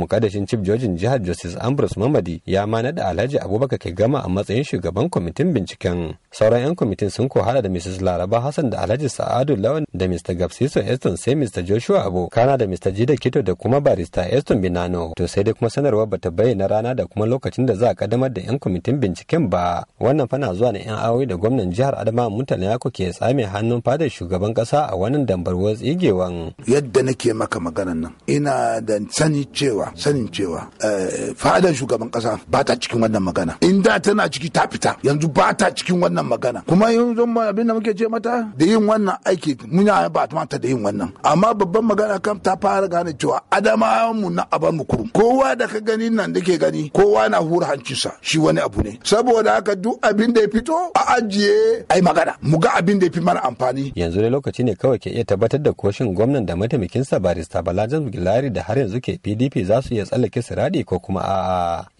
mukaddashin chief jojin jihar justice ambrose mamadi ya ma naɗa alhaji abubakar ke gama a matsayin shugaban kwamitin binciken sauran 'yan kwamitin sun kohada da mrs laraba hassan da alhaji sa'adu lawan da mr gabsiso eston sai mr joshua abu kana da mr jida kito da kuma barista eston binano to sai dai kuma sanarwar bata bayyana rana da kuma lokacin da za a kaddamar da 'yan kwamitin binciken ba wannan fana zuwa ne 'yan awowi da gwamnan jihar adama mutane yako ke tsame hannun fadar shugaban kasa a wannan dambarwar tsigewan yadda nake maka maganan nan ina da sani cewa sanin cewa eh, fadar shugaban kasa ba ta cikin wannan magana in da tana ciki ta fita yanzu ba ta cikin wannan wannan magana kuma yanzu abin da muke ce mata da yin wannan aiki muna ba ta da yin wannan amma babban magana kan ta fara gane cewa adamawan mu na aban mu kurum kowa da ka gani nan da ke gani kowa na hura hancinsa shi wani abu ne saboda haka duk abin da ya fito a ajiye ai magana mu ga abin da ya fi mana amfani yanzu dai lokaci ne kawai ke iya tabbatar da koshin gwamnan da mataimakinsa barista balajan gilari da har yanzu ke pdp za su iya tsallake siradi ko kuma a'a